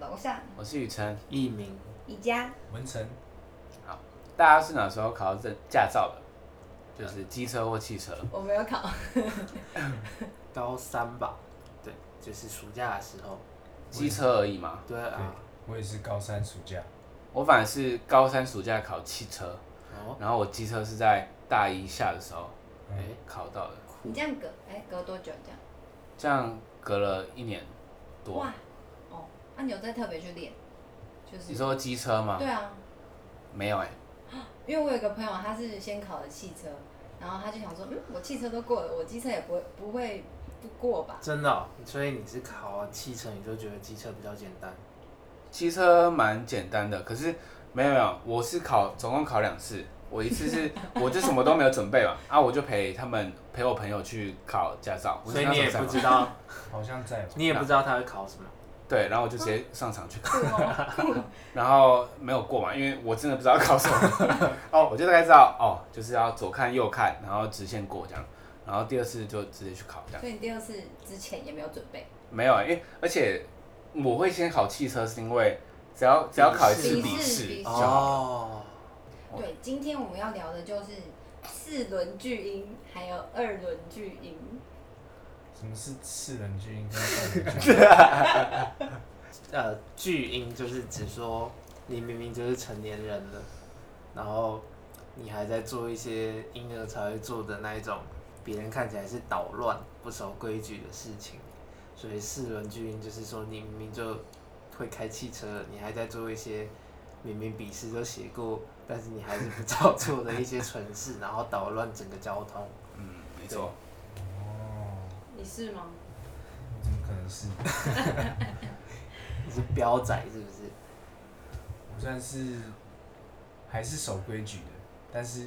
樓上我是宇晨，一名，一家，文成。好，大家是哪時候考這駕照的？就是機車或汽車，嗯？我沒有考， 高三吧？對，就是暑假的時候，機車而已嘛。對啊，我也是高三暑假，啊、我反正是高三暑假考汽車，哦，然後我機車是在大一下的時候，哎、嗯欸，考到的。你這樣隔，哎、欸，隔多久這樣？這樣隔了一年多。哇啊，你有在特別去練？就是你說機車嗎？對啊，沒有哎、欸，因為我有個朋友，他是先考了汽車，然後他就想說，嗯，我汽車都過了，我機車也不會不會不過吧？真的，喔，所以你是考了，啊，汽車，你就覺得機車比較簡單？機車蠻簡單的，可是沒有沒有，我是考總共考兩次，我一次是 我就什麼都沒有準備嘛，啊，我就陪他們陪我朋友去考駕照，所以你也不知道，好像在 你也不知道他會考什麼。對，然後我就直接上場去考，嗯哦、 然後沒有過嘛，因為我真的不知道考什麼。 哦，我就大概知道，哦，就是要左看右看，然後直線過這樣。然後第二次就直接去考這樣。所以你第二次之前也沒有準備？沒有啊，因為而且我會先考汽車，是因為只要只要考一次筆試哦。Oh. 對，今天我們要聊的就是四輪巨嬰還有二輪巨嬰。什麼是四輪巨嬰？ 呃，巨嬰就是指說你明明就是成年人了，然後你還在做一些嬰兒才會做的那一種，別人看起來是搗亂、不守規矩的事情。所以四輪巨嬰就是說你明明就會開汽車，你還在做一些明明筆試都寫過，但是你還是不照做的一些蠢事，然後搗亂整個交通。嗯，沒錯。是嗎？怎麼可能是？ 你是飆仔是不是？我算是還是守規矩的，但是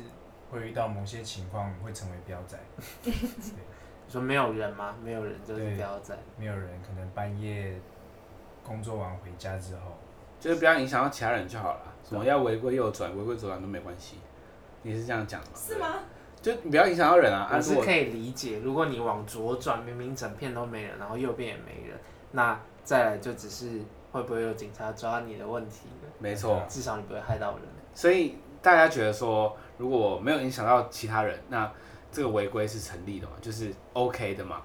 會遇到某些情況會成為飆仔。 你說沒有人嗎？沒有人就是飆仔。沒有人可能半夜工作完回家之後，就是不要影響到其他人就好了。什麼要違規右轉、違規左轉都沒關係，你是這樣講的嗎？是嗎？就不要影響到人啊！還是可以理解，如果你往左轉，明明整片都沒人，然後右邊也沒人，那再來就只是會不會有警察抓你的問題？沒錯，至少你不會害到人。所以大家覺得說，如果沒有影響到其他人，那這個違規是成立的嘛？就是 OK 的嘛。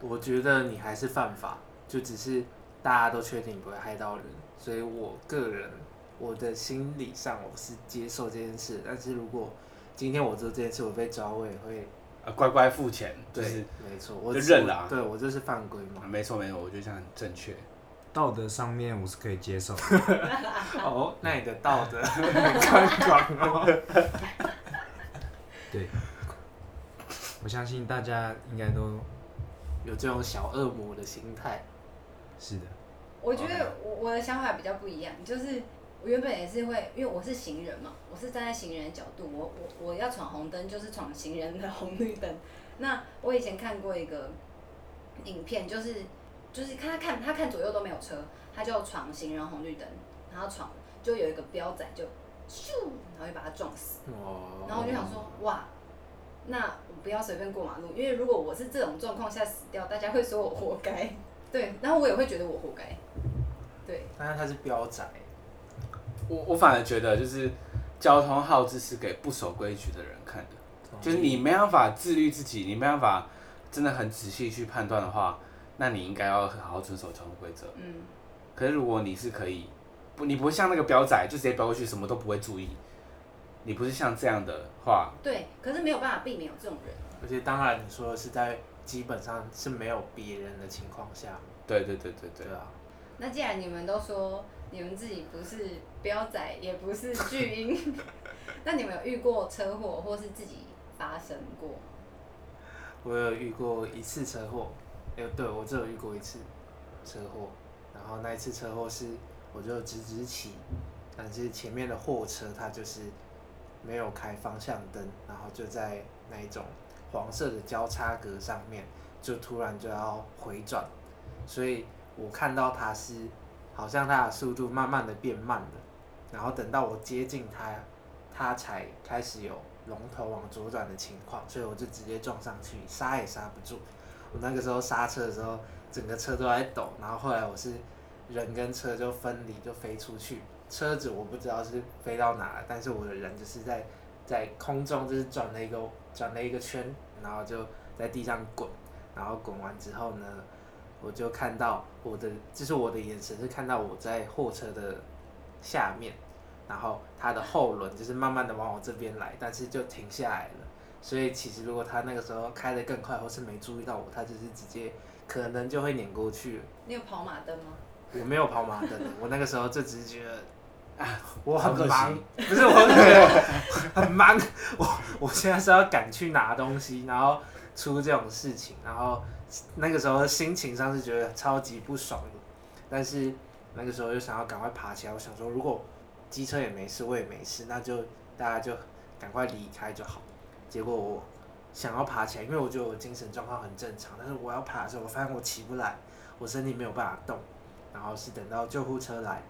我覺得你還是犯法，就只是大家都確定你不會害到人，所以我個人我的心理上我是接受這件事，但是如果。今天我做這件事，我被抓，我也會乖乖付錢，就是，對沒錯，我就認了，啊，對我就是犯規嘛，啊、沒錯沒錯，我覺得這樣很正確，道德上面我是可以接受的。哦、 oh,，那你的道德 很寬廣哦？ 對，我相信大家應該都有這種小惡魔的心態，是的。Okay. 我覺得我，我的想法比較不一樣，就是。我原本也是會，因為我是行人嘛，我是站在行人的角度，我我我要闖紅燈，就是闖行人的紅綠燈。那我以前看過一個影片，就是就是看他看他看左右都沒有車，他就闖行人紅綠燈，然後闖就有一個飆仔就咻，然後就把他撞死。哦、oh.。然後我就想說哇，那我不要隨便過馬路，因為如果我是這種狀況下死掉，大家會說我活該。 對。然後我也會覺得我活該。對。當然他是飆仔。我我反而覺得就是交通號誌是給不守規矩的人看的，就是你沒辦法自律自己，你沒辦法真的很仔細去判斷的話，那你應該要好好遵守交通規則。嗯。可是如果你是可以不，你不會像那個標仔就直接飆過去，什麼都不會注意，你不是像這樣的話。對，可是沒有辦法避免有這種人。而且當然你說的是在基本上是沒有別人的情況下。對，對對對對對啊。那既然你們都說。你們自己不是飆仔，也不是巨嬰， 那你們有，有遇過車禍，或是自己發生過？我有遇過一次車禍，欸，對我只有遇過一次車禍，然後那一次車禍是我就直直騎，但是前面的貨車它就是沒有開方向燈，然後就在那一種黃色的交叉格上面，就突然就要回轉，所以我看到它是。好像它的速度慢慢的變慢了，然後等到我接近它，它才開始有龍頭往左轉的情況，所以我就直接撞上去，剎也剎不住。我那個時候剎車的時候，整個車都在抖，然後後來我是人跟車就分離，就飛出去，車子我不知道是飛到哪，但是我的人就是在在空中就是轉了一個轉了一個圈，然後就在地上滾，然後滾完之後呢。我就看到我的，就是我的眼神是看到我在貨車的下面，然後它的後輪就是慢慢的往我這邊來，但是就停下來了。所以其實如果他那個時候開得更快，或是沒注意到我，他只是直接可能就會碾過去。你有跑馬燈嗎？我沒有跑馬燈，我那個時候就只是覺得啊，我很忙，很，不是，我很忙， 很忙，我我現在是要趕去拿東西，然後出這種事情，然後。那個時候心情上是覺得超級不爽的，但是那個時候又想要趕快爬起來。我想說，如果機車也沒事，我也沒事，那就大家就趕快離開就好。結果我想要爬起來，因為我覺得我精神狀況很正常。但是我要爬的時候，我發現我起不來，我身體沒有辦法動。然後是等到救護車來，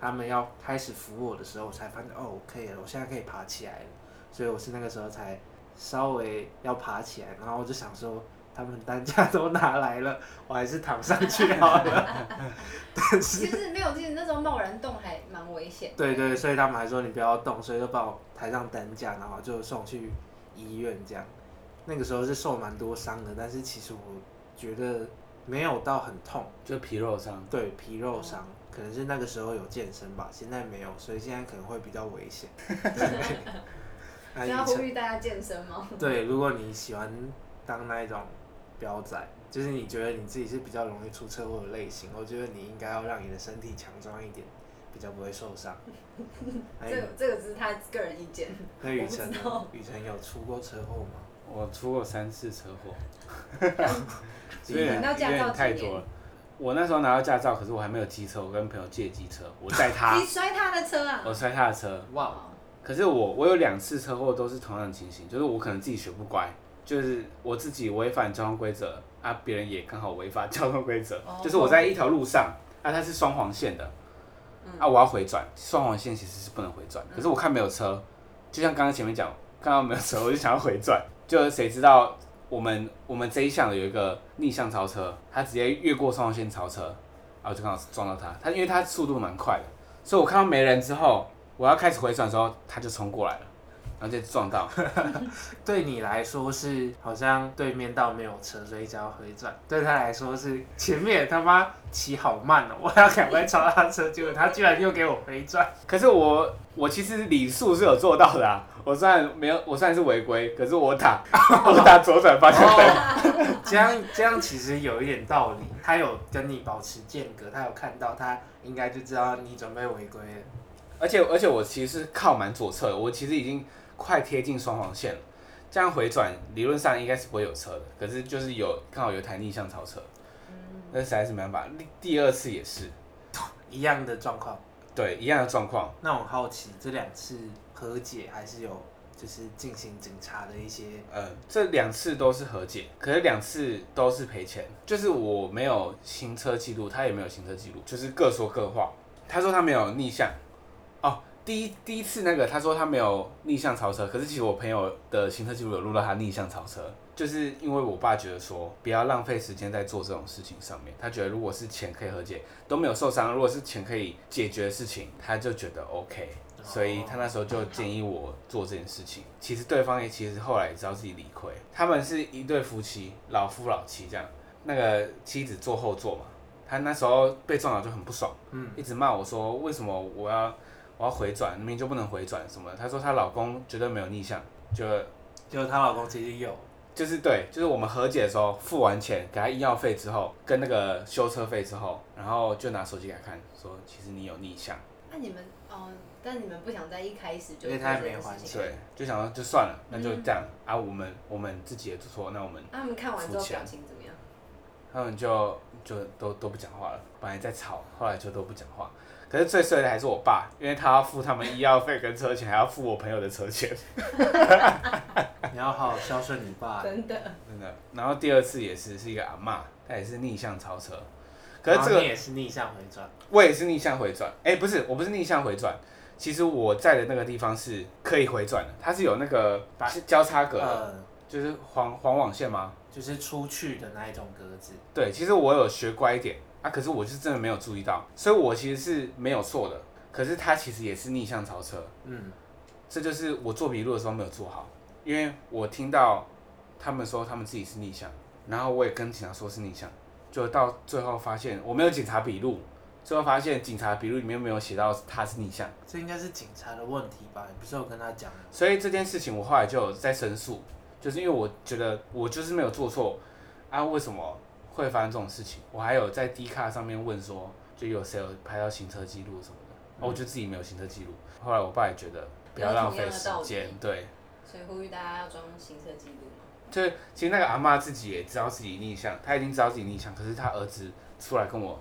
他們要開始扶我的時候，我才發現哦，可以了，我現在可以爬起來了。所以我是那個時候才稍微要爬起來，然後我就想說。他們擔架都拿來了，我還是躺上去好了。 但是其實沒有，其實那時候貿然動還蠻危險。對，對對，所以他們還說，你不要動，所以就把我抬上擔架，然後就送去醫院這樣。那個時候是受蠻多傷的，但是其實我覺得沒有到很痛，就皮肉傷。對，皮肉傷、嗯，可能是那個時候有健身吧，現在沒有，所以現在可能會比較危險。 是要呼籲大家健身嗎？對，如果你喜歡當那一種。標仔，就是你覺得你自己是比較容易出車禍的類型，我覺得你應該要讓你的身體強壯一點，比較不會受傷。這這個只是他個人意見，那雨晨雨晨，有出過車禍嗎？我出過三次車禍。哈 哈、 啊。因為因太多了。我那時候拿到駕照，可是我還沒有機車，我跟朋友借機車，我帶他。你摔他的車啊？我摔他的車。哇、wow。可是我我有兩次車禍都是同樣的情形，就是我可能自己學不乖。就是我自己違反交通規則啊，別人也剛好違反交通規則，oh, okay. 就是我在一條路上啊，它是雙黃線的，啊，我要回轉，雙黃線其實是不能回轉的，可是我看沒有車，就像剛剛前面講，看到沒有車，我就想要回轉， 就誰知道我們我們這一項有一個逆向超車，他直接越過雙黃線超車，然、啊、後就剛好撞到他，他因為他速度蠻快的，所以我看到沒人之後，我要開始回轉的時候，他就衝過來了。而且撞到 ，對你來說是好像對面道沒有車，所以只要迴轉；對他來說是前面他媽騎好慢哦，喔，我要趕快超他車，結果他居然又給我迴轉。可是我我其實禮數是有做到的，啊，我雖然沒有，我算是違規，可是我打 我打左轉方向燈。這樣這樣其實有一點道理，他有跟你保持間隔，他有看到，他應該就知道你準備違規了。而且而且我其實是靠滿左側，我其實已經。快貼近雙黃線了，這樣回轉理論上應該是不會有車的，可是就是有剛好有一台逆向超車、嗯，那實在是沒辦法。第二次也是一樣的狀況，對，一樣的狀況。那我好奇，這兩次和解還是有就是進行檢查的一些？呃，這兩次都是和解，可是兩次都是賠錢，就是我沒有行車記錄，他也沒有行車記錄，就是各說各話。他說他沒有逆向，哦。第一第一次那個，他說他沒有逆向超車，可是其實我朋友的行車記錄有錄到他逆向超車，就是因為我爸覺得說不要浪費時間在做這種事情上面，他覺得如果是錢可以和解，都沒有受傷，如果是錢可以解決的事情，他就覺得 OK，所以他那時候就建議我做這件事情。其實對方也其實後來也知道自己理虧，他們是一對夫妻，老夫老妻這樣，那個妻子坐後座嘛，他那時候被撞了就很不爽，嗯，一直罵我說為什麼我要。我要回轉，明明就不能回轉什麼。她說她老公絕對沒有逆向，就就是她老公其實有，就是對，就是我們和解的時候付完錢給他醫藥費之後，跟那個修車費之後，然後就拿手機給他看，說其實你有逆向。那、啊、你們哦，但你們不想在一開始就，因為他還沒有還錢，對，就想到就算了，那就這樣、嗯、啊，我們我們自己也做錯，那我們。啊、他們看完之後表情怎麼樣？他們就就都都不講話了，本來在吵，後來就都不講話。可是最衰的還是我爸，因為他要付他們醫藥費跟車錢，還要付我朋友的車錢。 你要好好孝順你爸。真的。真的。然後第二次也是，是一個阿嬤，他也是逆向超車。可是、這個、也是逆向回轉。我也是逆向回轉。哎、欸，不是，我不是逆向回轉。其實我在的那個地方是可以回轉的，它是有那個交叉格、呃，就是黃、黃網線嗎？就是出去的那一種格子。對，其實我有學乖一點。啊！可是我是真的沒有注意到，所以我其實是沒有錯的。可是他其實也是逆向超車，嗯，這就是我做筆錄的時候沒有做好，因為我聽到他們說他們自己是逆向，然後我也跟警察說是逆向，就到最後發現我沒有警察筆錄，最後發現警察筆錄裡面沒有寫到他是逆向，這應該是警察的問題吧？也不是我跟他講，所以這件事情我後來就有在申訴，就是因為我覺得我就是沒有做錯，啊，為什麼？會發生這種事情。我還有在 D 卡上面問說，就有誰有拍到行車記錄什麼的。嗯、哦，我就自己沒有行車記錄。後來我爸也覺得不要浪費時間，對。所以呼籲大家要裝行車記錄嗎？就其實那個阿媽自己也知道自己逆向，她已經知道自己逆向，可是她兒子出來跟我，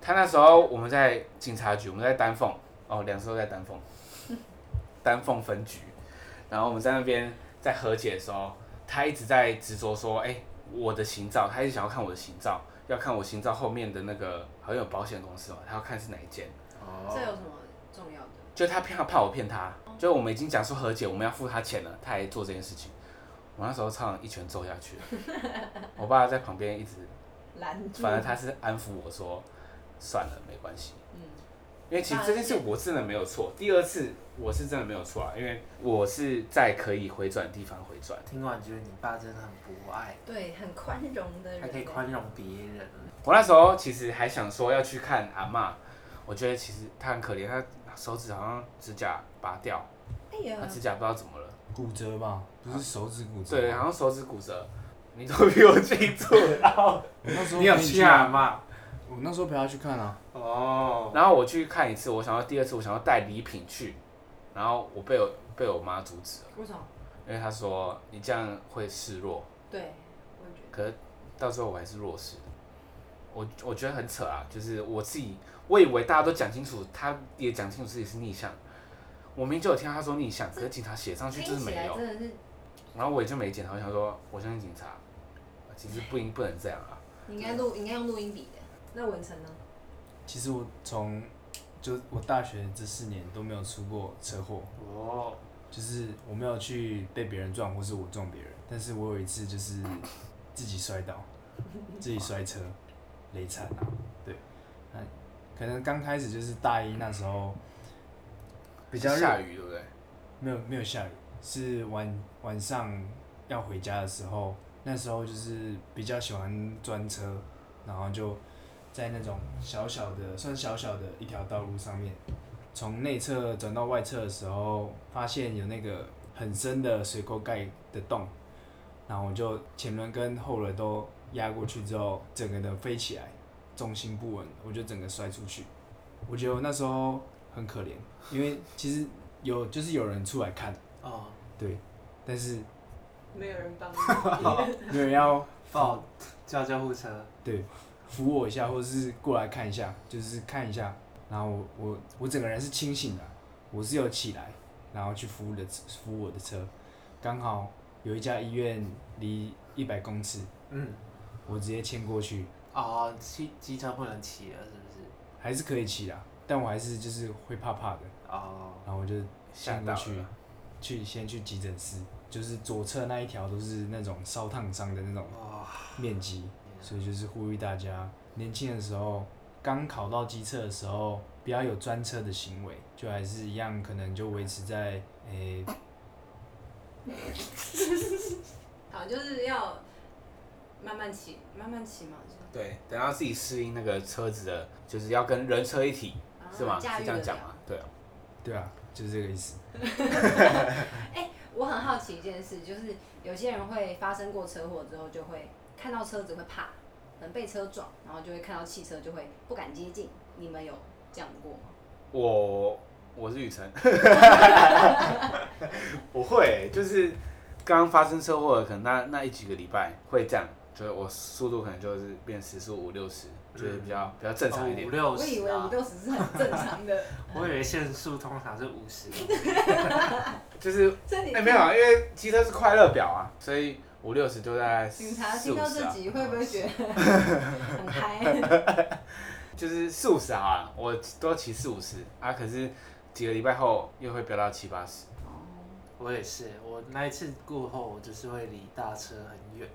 他那時候我們在警察局，我們在丹鳳，哦，兩次都在丹鳳，丹 鳳分局，然後我們在那邊在和解的時候，他一直在執着說，哎、欸。我的行照，他一直想要看我的行照，要看我行照後面的那個，好像有保險公司嘛，他要看是哪一間。哦。這有什麼重要的？就他怕怕我騙他，就我們已經講說和解，我們要付他錢了，他還做這件事情。我那時候唱一拳揍下去了， 我爸在旁邊一直攔住，反正他是安撫我說，算了，沒關係。嗯。因為其實這件事我真的沒有錯，啊，第二次我是真的沒有錯啊，因為我是在可以回轉的地方回轉。聽完覺得你爸真的很博愛。對，很寬容的人，還可以寬容別人。我那時候其實還想說要去看阿媽，我覺得其實他很可憐，他手指好像指甲拔掉，哎呀，他指甲不知道怎麼了，骨折吧？不是手指骨折。對，好像手指骨折。你都比我清楚，你、啊、有去、啊、阿媽？我那時候陪他去看啊，oh, 然後我去看一次，我想要第二次，我想要帶禮品去，然後我被我被我媽阻止了。為什麼？因為他說你這樣會示弱。對，我覺得。可是，到時候我還是弱勢。我我覺得很扯啊，就是我自己，我以為大家都講清楚，他也講清楚自己是逆向，我明明就有聽到他說逆向，是可是警察寫上去就是沒有，的真的是然後我也就沒檢討，我想說我相信警察，其實不應不能這樣啊，你應該錄、啊、應該用錄音筆的。那文成呢？其實我從就我大學這四年都沒有出過車禍，哦、oh.，就是我沒有去被別人撞，或是我撞別人。但是我有一次就是自己摔倒， 自己摔車，累慘了。對，可能剛開始就是大一那時候比較下雨，對不對？沒有沒有下雨，是晚晚上要回家的時候，那時候就是比較喜歡鑽車，然後就。在那種小小的，算小小的一條道路上面，從內側轉到外側的時候，發現有那個很深的水溝蓋的洞，然後我就前輪跟後輪都壓過去之後，整個的飛起來，重心不穩，我就整個摔出去。我覺得我那時候很可憐，因為其實有就是有人出來看哦，對，但是沒有人幫 沒有人要放，哦、叫救護車，對。扶我一下，或者是過來看一下，就是看一下。然後我我我整個人是清醒的、啊，我是有起來，然後去扶的扶我的車。剛好有一家醫院離一百公尺，嗯，我直接牽過去。啊、哦，機機車不能騎了，是不是？還是可以騎啊，但我還是就是會怕怕的。哦。然後我就先去，去先去急診室，就是左側那一條都是那種燒燙傷的那種面積。哦所以就是呼籲大家，年輕的時候，剛考到機車的時候，不要有專車的行為，就還是一樣，可能就維持在誒，欸啊、 好，就是要慢慢騎，慢慢騎嘛，對，等到自己適應那個車子的，就是要跟人車一體，啊、是嗎？是這樣講嗎？對，對啊，就是這個意思。哎 欸，我很好奇一件事，就是有些人會發生過車禍之後就會。看到車子會怕，可能被車撞，然後就會看到汽車就會不敢接近。你們有這樣過嗎？我我是雨辰， 我會、欸、就是剛發生車禍，可能那那一幾個禮拜會這樣，就是我速度可能就是變成時速五六十，就是比較比較正常一點。五六十，啊、 我以為五六十是很正常的。我以為限速通常是五十，就是哎、欸、沒有、啊，因為機車是快樂表啊，所以。五六十都在警察聽到自己會不會覺得很嗨， 就是四五十啊，我都騎四五十啊，可是幾個禮拜後又會飆到七八十。哦、嗯，我也是，我那一次過後，我就是會離大車很遠，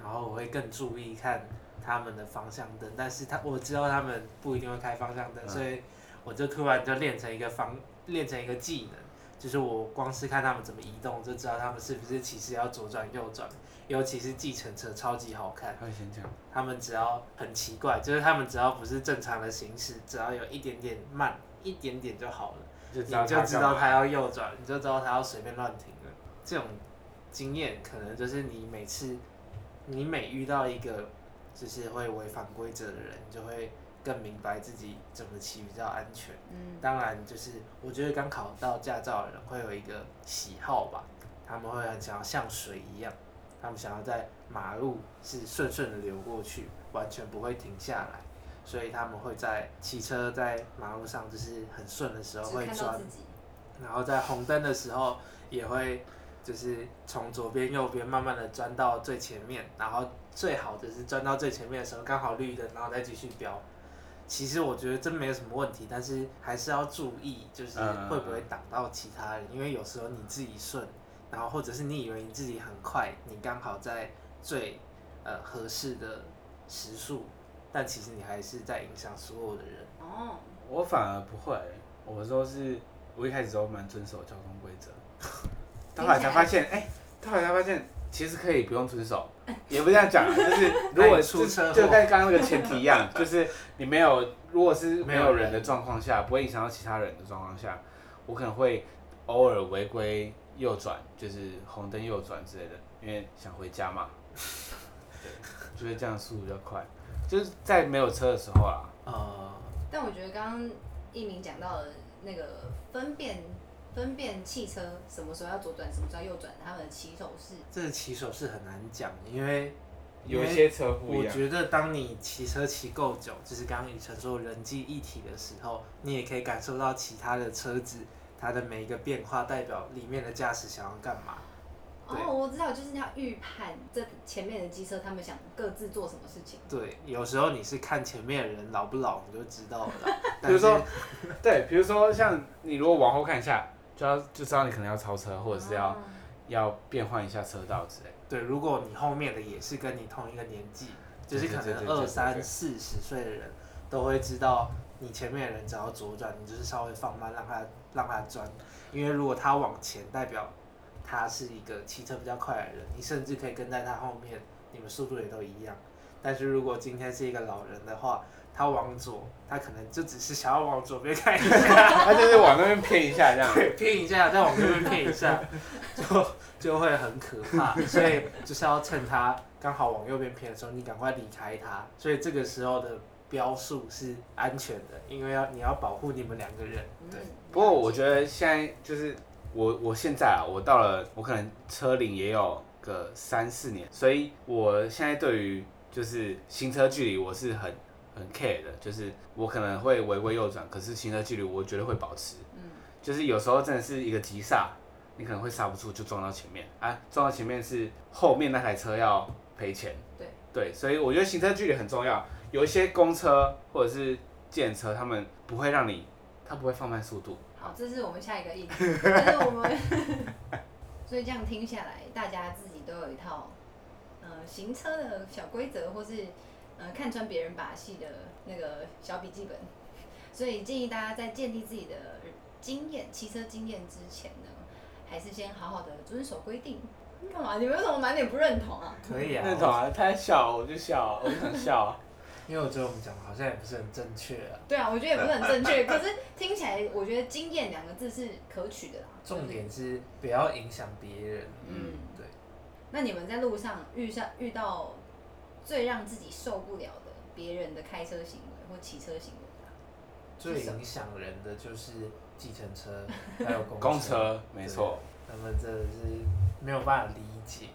然後我會更注意看他們的方向燈，但是他我知道他們不一定會開方向燈，嗯，所以我就突然就練成一個方練成一個技能，就是我光是看他們怎麼移動，就知道他們是不是其實要左轉右轉。尤其是計程車超級好看，他們只要很奇怪，就是他們只要不是正常的行駛，只要有一點點慢，一點點就好了，你就知道他要右轉，你就知道他要隨便亂停了。這種經驗可能就是你每次你每遇到一個就是會違反規則的人，你就會更明白自己怎麼騎比較安全。嗯，當然就是我覺得剛考到駕照的人會有一個喜好吧，他們會很想要像水一樣。他們想要在馬路是順順的流過去，完全不會停下來，所以他們會在騎車在馬路上就是很順的時候會鑽，然後在紅燈的時候也會就是從左邊右邊慢慢的鑽到最前面，然後最好的是鑽到最前面的時候剛好綠燈，然後再繼續飆。其實我覺得真沒有什麼問題，但是還是要注意就是會不會擋到其他人，嗯嗯，因為有時候你自己順。然後，或者是你以為你自己很快，你剛好在最呃，合適的時速，但其實你還是在影響所有的人。哦、oh.。我反而不會，我都是我一開始都蠻遵守交通規則，後、okay. 來才發現，哎、欸，後來才發現其實可以不用遵守， 也不這樣講、啊，就是如果就 出車就跟剛剛那個前提一樣， 就是你沒有如果是沒有人的狀況下，不會影響到其他人的狀況下，我可能會偶爾違規。右轉就是紅燈右轉之類的，因為想回家嘛， 對，覺得這樣速度比較快，就是在沒有車的時候啊，呃，但我覺得剛剛一鳴講到了那個分辨分辨汽車什麼時候要左轉，什麼時候要右轉，他們的騎手是這個騎手是很難講，因為有些車不一樣。我覺得當你騎車騎夠久，就是剛剛一鳴說人機一體的時候，你也可以感受到其他的車子。它的每一個變化代表裡面的駕駛想要幹嘛？哦，我知道，就是要預判這前面的機車他們想各自做什麼事情。對，有時候你是看前面的人老不老，你就知道了。 比如說，對，比如說像你如果往後看一下， 就要就知道你可能要超車，或者是要、啊、要變換一下車道之類。對，如果你後面的也是跟你同一個年紀，就是可能二三四十歲的人都會知道。你前面的人只要左轉，你就是稍微放慢讓，讓他讓他轉。因為如果他往前，代表他是一個騎車比較快的人，你甚至可以跟在他後面，你們速度也都一樣。但是如果今天是一個老人的話，他往左，他可能就只是想要往左邊看一下， 他就是往那邊偏一下這樣子。偏一下，再往右邊偏一下，就就會很可怕。所以就是要趁他剛好往右邊偏的時候，你趕快離開他。所以這個時候的。標速是安全的，因為要你要保護你們兩個人。對、嗯。不過我覺得現在就是我我現在啊，我到了我可能車齡也有個三四年，所以我現在對於就是行車距離我是很很 care 的，就是我可能會違規右轉，可是行車距離我絕對會保持、嗯。就是有時候真的是一個急剎，你可能會剎不住就撞到前面，啊，撞到前面是後面那台車要賠錢。對。對，所以我覺得行車距離很重要。有一些公車或者是電車，他們不會讓你，他不會放慢速度。好，這是我們下一個議題。但 是我們呵呵，所以這樣聽下來，大家自己都有一套，呃、行車的小規則，或是、呃、看穿別人把戲的那個小筆記本。所以建議大家在建立自己的經驗、汽車經驗之前呢，還是先好好的遵守規定。幹嘛？你們為什麼滿臉不認同啊？可以啊。認同啊！他在笑，我就笑，我就想笑。 因為我覺得我們講的好像也不是很正確啊。對啊，我覺得也不是很正確， 可是聽起來我覺得“經驗”兩個字是可取的啦。重點是不要影響別人。嗯，對。那你們在路上遇上遇到最讓自己受不了的別人的開車行為或騎車行為？啊、最影響人的就是計程車，還有公車， 公車沒錯。那麼這是沒有辦法理解。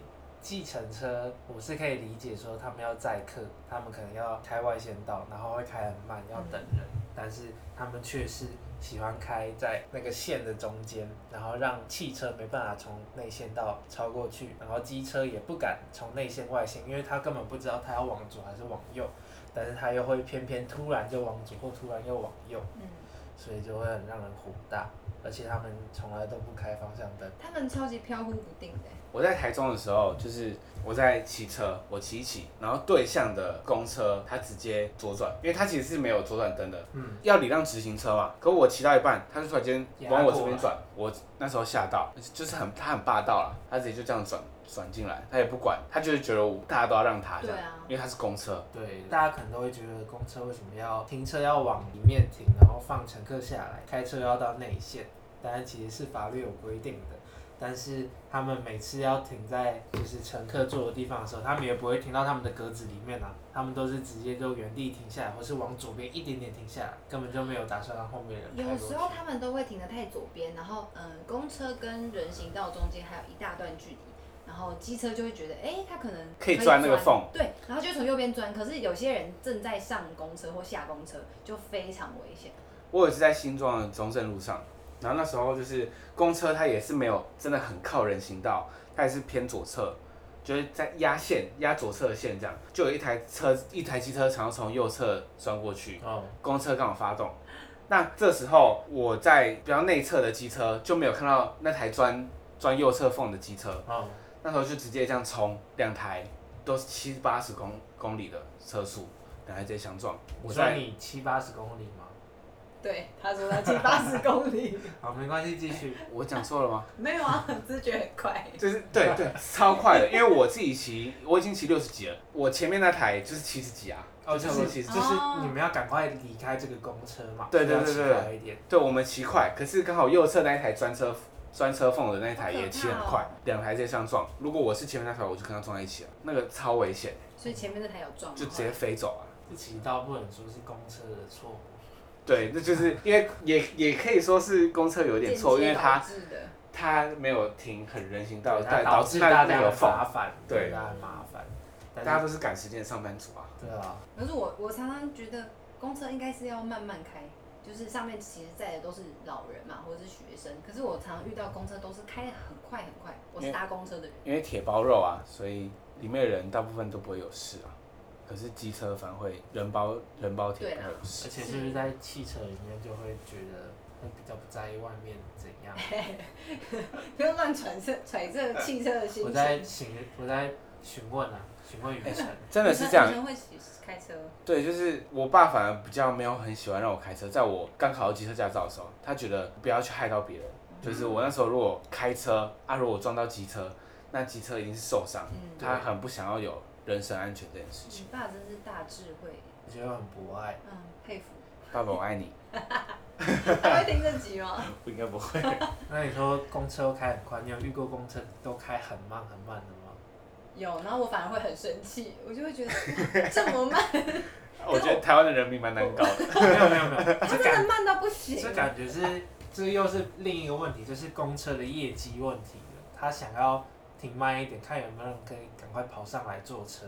計程車，我是可以理解說他們要載客，他們可能要開外線道，然後會開很慢，要等人，嗯，但是他們卻是喜歡開在那個線的中間，然後讓汽車沒辦法從內線道超過去，然後機車也不敢從內線外線，因為他根本不知道他要往左還是往右，但是他又會偏偏突然就往左或突然又往右。嗯。所以就會很讓人火大，而且他們從來都不開方向燈，他們超級飄忽不定的，欸。我在台中的時候，就是我在騎車，我騎一騎，然後對向的公車，它直接左轉，因為它其實是沒有左轉燈的。嗯。要禮讓直行車嘛？可我騎到一半，他就突然間往我這邊轉，我那時候嚇到，就是很，他很霸道啦，他直接就這樣轉。轉進來，他也不管，他就是覺得大家都要讓他這樣，對啊，因為他是公車。對，大家可能都會覺得公車為什麼要停車要往裡面停，然後放乘客下來，開車要到內線。當然，其實是法律有規定的，但是他們每次要停在就是乘客坐的地方的時候，他們也不會停到他們的格子裡面啊，他們都是直接就原地停下來，或是往左邊一點點停下來，根本就沒有打算讓後面人，人。有時候他們都會停得太左邊，然後嗯，公車跟人行道中間還有一大段距離。然後機車就會覺得，哎、欸，他可能可以鑽那個縫，對，然後就從右邊鑽。可是有些人正在上公車或下公車，就非常危險。我也是在新莊的中正路上，然後那時候就是公車，它也是沒有真的很靠人行道，它也是偏左側，就是在壓線壓左側的線這樣，就有一台車一台機車常常從右側鑽過去。哦。公車剛好發動，那這時候我在比較內側的機車就沒有看到那台鑽鑽右側縫的機車。哦。那時候就直接這樣衝，兩台都是七八十公公里的車速，兩台直接相撞。我說你七八十公里嗎？對，他說他七八十公里。 好，沒關係，繼續。欸、我講錯了嗎？ 沒有啊，自覺很快。 就是對對，對 超快的，因為我自己騎，我已經騎六十幾了，我前面那台就是七十幾啊，oh, 就差不多七十、哦。就是你們要趕快離開這個公車嘛，對對對對，對，對我們騎快、嗯，可是剛好右側那一台專車。鑽車縫的那一台也騎很快，兩、喔、台在相撞。如果我是前面那台，我就跟他撞在一起了，那個超危險、欸。所以前面那台有撞，就直接飛走啊！不騎到不能說是公車的錯誤。對，那就是因為也也可以說是公車有點錯，因為它他沒有停很人行道，但導致大家有麻煩，對，大家麻煩、嗯。大家都是趕時間的上班族啊。對啊，可是我我常常覺得公車應該是要慢慢開。就是上面其實載的都是老人嘛，或者是學生。可是我常遇到公車都是開的很快很快。我是搭公車的人。因為鐵包肉啊，所以裡面的人大部分都不會有事啊。可是機車反而會人包人包鐵包有事，啊。而且是不是在汽車裡面就會覺得我比較不在意外面怎樣？不要亂揣測揣測汽車的心情。我在詢我在詢問啊，詢問雨辰，欸，真的是這樣。雨開車。對，就是我爸反而比較沒有很喜歡讓我開車。在我剛考到機車駕照的時候，他覺得不要去害到別人。就是我那時候如果開車啊，如果撞到機車，那機車一定是受傷，嗯。他很不想要有人身安全這件事情。你爸真是大智慧，我覺得很博愛。嗯，佩服。爸爸我愛你。他會聽得進嗎？不，應該不會。 那你說公車都開很快，你有遇過公車都開很慢很慢的？有，然後我反而會很生氣，我就會覺得這麼慢。 我覺得台灣的人民蠻難搞的 沒，沒有沒有沒有， 他真的慢到不行。這感覺是，這又是另一個問題，就是公車的業績問題了，他想要停慢一點，看有沒有人可以趕快跑上來坐車。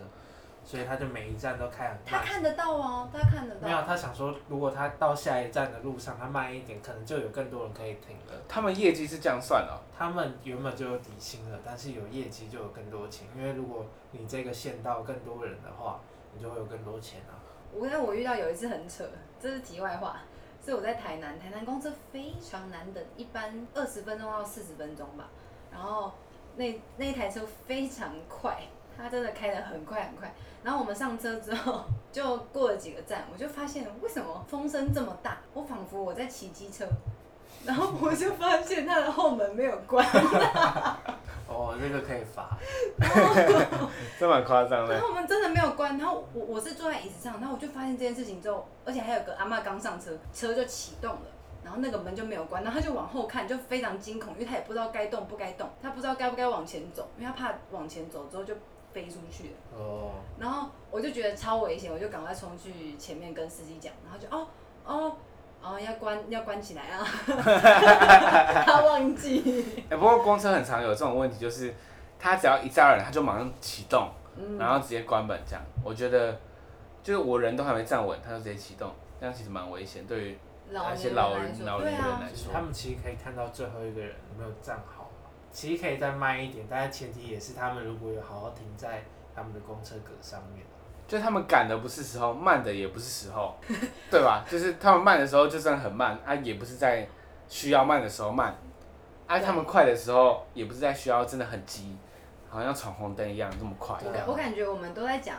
所以他就每一站都開很慢。他看得到哦，他看得到。沒有，他想說，如果他到下一站的路上，他慢一點，可能就有更多人可以停了。他們業績是這樣算的，他們原本就有底薪了，但是有業績就有更多錢，因為如果你這個線到更多人的話，你就會有更多錢啊。我跟我遇到有一次很扯，這是題外話，是我在台南，台南公車非常難等，一般二十分鐘到四十分鐘吧，然後那那一台車非常快。他真的開得很快很快，然後我們上車之後就過了幾個站，我就發現為什麼風聲這麼大，我仿佛我在騎機車，然後我就發現他的後門沒有關。 哦，這個可以罰。哦、 這蠻誇張的。然後我們真的沒有關，然後我我是坐在椅子上，然後我就發現這件事情之後，而且還有個阿嬤剛上車，車就啟動了，然後那個門就沒有關，然後他就往後看，就非常驚恐，因為他也不知道該動不該動，他不知道該不該往前走，因為他怕往前走之後就。飛出去哦，oh. 然後我就覺得超危險，我就趕快衝去前面跟司機講，然後就哦哦，哦，要關要關起來啊， 他忘記、欸。哎，不過公車很常有這種問題，就是他只要一招人，他就馬上啟動，嗯、然後直接關門這樣。我覺得就是我人都還沒站穩，他就直接啟動，這樣其實蠻危險，對於那些老人、老人來說，來說啊、他們其實可以看到最後一個人有沒有站好。其實可以再慢一點，但是前提也是他們如果有好好停在他們的公車格上面。就他們趕的不是時候，慢的也不是時候， 對吧？就是他們慢的時候，就算很慢，啊，也不是在需要慢的時候慢，哎，啊，他們快的時候，也不是在需要真的很急，好像闖紅燈一樣這麼快這樣。我感覺我們都在講。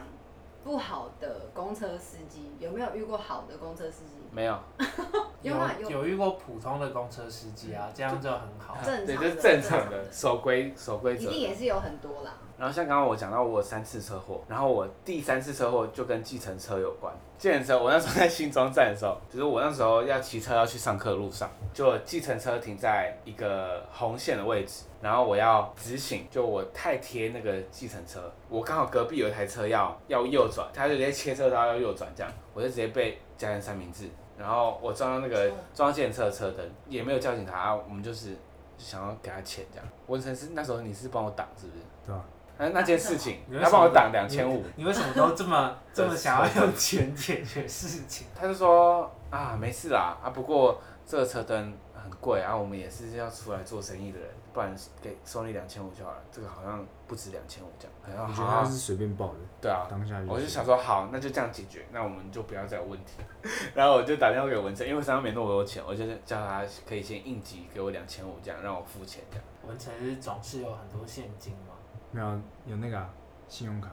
不好的公車司機有沒有遇過好的公車司機？沒有， 有有遇過普通的公車司機啊、嗯，這樣就很好，正常 對，就正常的，守規守規，一定也是有很多啦。然後像剛剛我講到我有三次車禍，然後我第三次車禍就跟計程車有關。計程車，我那時候在新莊站的時候，只、就是我那時候要騎車要去上課的路上，就計程車停在一個紅線的位置，然後我要直行，就我太貼那個計程車，我剛好隔壁有一台車要要右轉，他就直接切車道要右轉這樣，我就直接被夾成三明治，然後我撞到那個撞計程車的車燈，也沒有叫警察、啊，我們就是就想要給他錢這樣。文成師，那時候你是幫我擋是不是？對哎、啊，那件事情，他幫我擋兩千五。你為什麼都這麼 這麼想要用錢解決事情？ 他就說啊，沒事啦，啊，不過這個車燈很貴啊，我們也是要出來做生意的人，不然給收你兩千五就好了。這個好像不止兩千五這樣，好像覺得他是隨便報的。對啊，當下就我就想說好，那就這樣解決，那我們就不要再有問題。 然後我就打電話給文成，因為身上沒那麼多錢，我就叫他可以先應急給我兩千五這樣，讓我付錢這樣。文成是總是有很多現金嘛。沒有，有那個、啊、信用卡，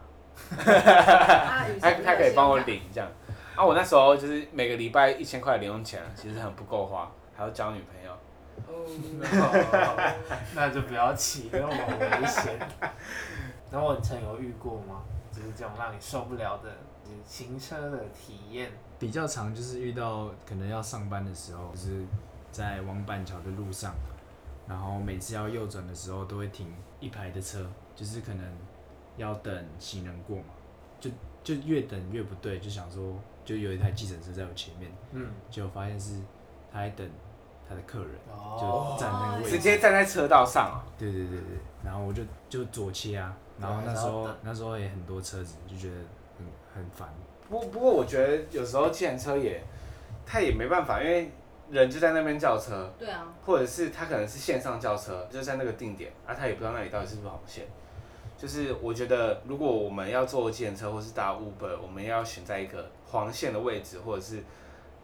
他他可以幫我領這樣。 啊，我那時候就是每個禮拜一千塊零用錢，其實很不夠花，還要交女朋友。嗯、那就不要騎， 因為我很危險。那 我曾有遇過嗎？就是這種讓你受不了的，就是行車的體驗。比較常，就是遇到可能要上班的時候，就是在往板橋的路上。然後每次要右轉的時候，都會停一排的車，就是可能要等行人過嘛，就就越等越不對，就想說就有一台計程車在我前面，嗯，結果發現是他在等他的客人，哦、就站在那個位置，直接站在車道上、啊。對對對對，然後我就就左切啊，然後那時候那，那時候也很多車子，就覺得很、嗯、很煩。不不過我覺得有時候計程車也他也沒辦法，因為。人就在那邊叫車，對啊，或者是他可能是線上叫車，就在那個定點啊，他也不知道那裡到底是不是黃線。就是我覺得，如果我們要坐計程車或是打 Uber，我們要選在一個黃線的位置，或者是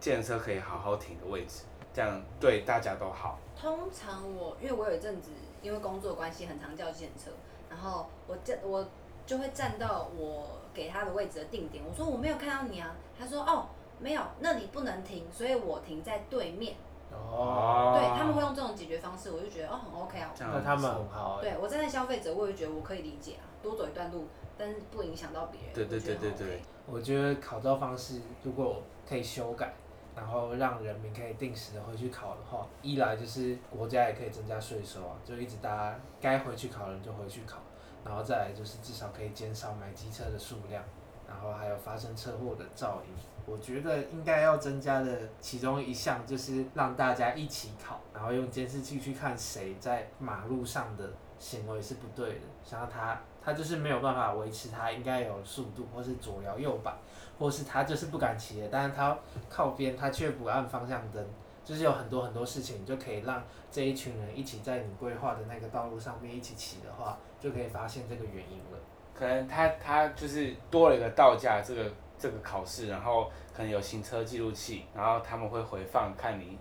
計程車可以好好停的位置，這樣對大家都好。通常我因為我有一陣子因為工作關係很常叫計程車，然後我就我就會站到我給他的位置的定點，我說我沒有看到你啊，他說哦。沒有，那裡不能停，所以我停在對面。哦，對，他們會用這種解決方式，我就覺得哦很 OK 啊。這樣，那他們很好。對，我站在消費者，我就覺得我可以理解啊，多走一段路，但不影響到別人。對對對對對。我覺得很 OK，我覺得考照方式如果可以修改，然後讓人民可以定時的回去考的話，一來就是國家也可以增加稅收啊，就一直大家該回去考的人就回去考，然後再來就是至少可以減少買機車的數量，然後還有發生車禍的噪音。我覺得應該要增加的其中一項就是讓大家一起考，然後用監視器去看誰在馬路上的行為是不對的，想要他，他就是沒有辦法維持他應該有速度，或是左搖右擺，或是他就是不敢騎，的。但是他靠邊他卻不按方向燈，就是有很多很多事情你就可以讓這一群人一起在你規劃的那個道路上面一起騎的話，就可以發現這個原因了。可能他他就是多了一個道架這個、嗯。這個考試，然後可能有行車記錄器，然後他們會回放，看你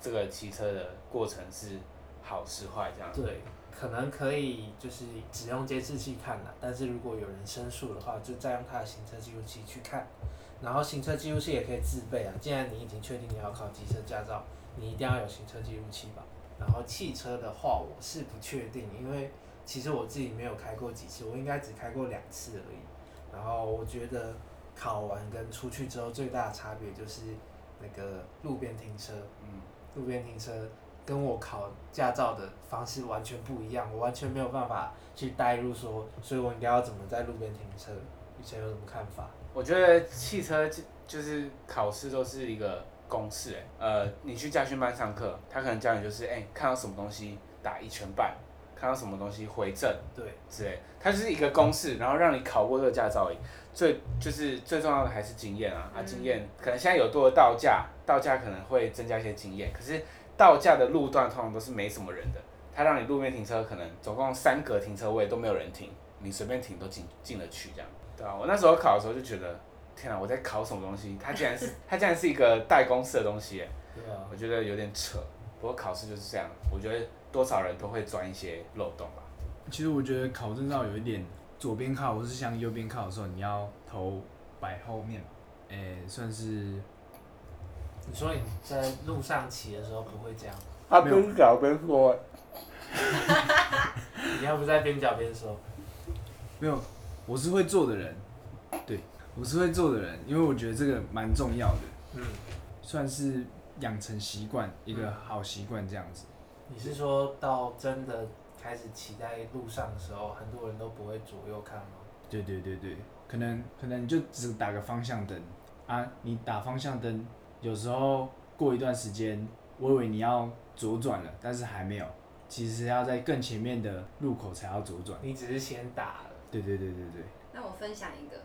這個騎車的過程是好是壞這樣，對。對，可能可以就是只用監視器看啦，但是如果有人申訴的話，就再用他的行車記錄器去看。然後行車記錄器也可以自備啊，既然你已經確定你要考機車駕照，你一定要有行車記錄器吧。然後汽車的話，我是不確定，因為其實我自己沒有開過幾次，我應該只開過兩次而已。然後我覺得。考完跟出去之後最大的差別就是那個路邊停車，嗯、路邊停車跟我考駕照的方式完全不一樣，我完全沒有辦法去代入說，所以我應該要怎麼在路邊停車？以前有什麼看法？我覺得汽車就就是考試都是一個公式，欸，誒，呃，你去駕訓班上課，他可能教你就是，誒、欸，看到什麼東西打一圈半。看到什麼東西回正對之它就是一個公式，嗯，然後讓你考過這個駕照。最就是最重要的還是經驗啊，嗯、啊，經驗可能現在有多道駕，道駕可能會增加一些經驗，可是道駕的路段通常都是沒什麼人的，它讓你路面停車，可能總共三格停車位都沒有人停，你隨便停都進進得去這樣。對啊，我那時候考的時候就覺得，天哪，我在考什麼東西？它竟然是 它竟然是一個代公式的東西耶，對啊，我覺得有點扯，不過考試就是這樣，我覺得。多少人都會鑽一些漏洞吧？其實我覺得考證照有一點左邊，左邊靠或是向右邊靠的時候，你要頭擺後面，欸，算是。你說你在路上騎的時候不會這樣？他邊角邊說。邊邊 你要不在邊角邊說？ 沒有，我是會做的人。對，我是會做的人，因為我覺得這個蠻重要的。嗯，算是養成習慣，一個好習慣這樣子。嗯你是說到真的開始騎在路上的時候，很多人都不會左右看嗎？對對對對，可能可能就只打個方向燈啊，你打方向燈，有時候過一段時間，我以為你要左轉了，但是還沒有，其實要在更前面的路口才要左轉，你只是先打了，對，對對對對對。那我分享一個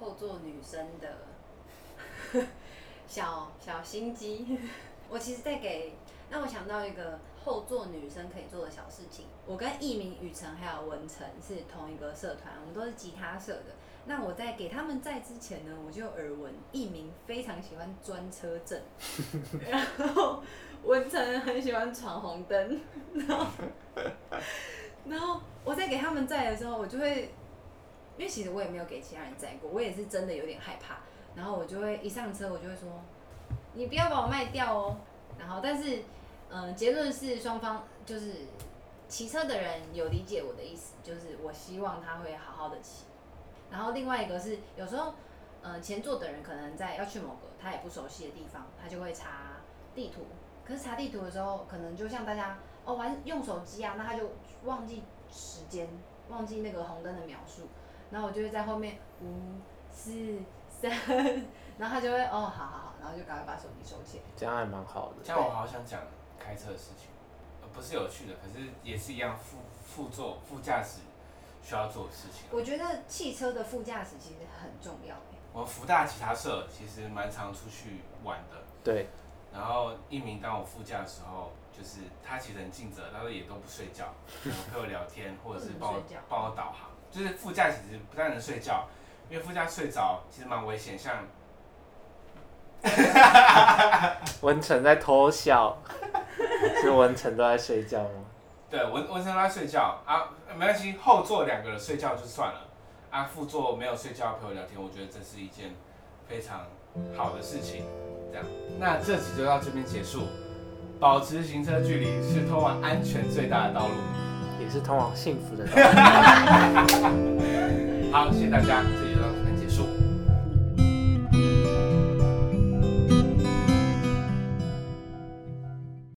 後座女生的小小心機，我其實在給。那我想到一個後座女生可以做的小事情，我跟藝明、雨辰，還有文成，是同一個社團，我們都是吉他社的。那我在給他們載之前呢，我就耳聞藝明非常喜歡鑽車陣， 然後文成很喜歡闖紅燈，然後然後我在給他們載的時候，我就會，因為其實我也沒有給其他人載過，我也是真的有點害怕。然後我就會一上車，我就會說，你不要把我賣掉哦。然後但是。嗯，結論是雙方就是騎車的人有理解我的意思，就是我希望他會好好的騎。然後另外一個是有時候，嗯，前座的人可能在要去某個他也不熟悉的地方，他就會查地圖。可是查地圖的時候，可能就像大家哦玩用手機啊，那他就忘記時間，忘記那個紅燈的描述。然後我就會在後面五四三呵呵，然後他就會哦好好好，然後就趕快把手機收起來。這樣還蠻好的。像我好像想講。開車的事情，不是有趣的，可是也是一樣副、副座、副駕駛需要做的事情。我覺得汽車的副駕駛其實很重要。我們福大吉他社其實蠻常出去玩的。對。然後一鳴當我副駕的時候，就是他其實很盡責，但是也都不睡覺，陪我聊天， 或者是幫我幫我導航。就是副駕其實不太能睡覺，因為副駕睡着其實蠻危險，像 文成在偷笑。是文成都在睡覺嗎？對，文文成都在睡覺啊，沒關係，後座兩個人睡覺就算了。啊，副座沒有睡覺，陪我聊天，我覺得這是一件非常好的事情。這樣，那這集就到這邊結束。保持行車距離是通往安全最大的道路，也是通往幸福的道路。 好，謝謝大家，謝謝大家。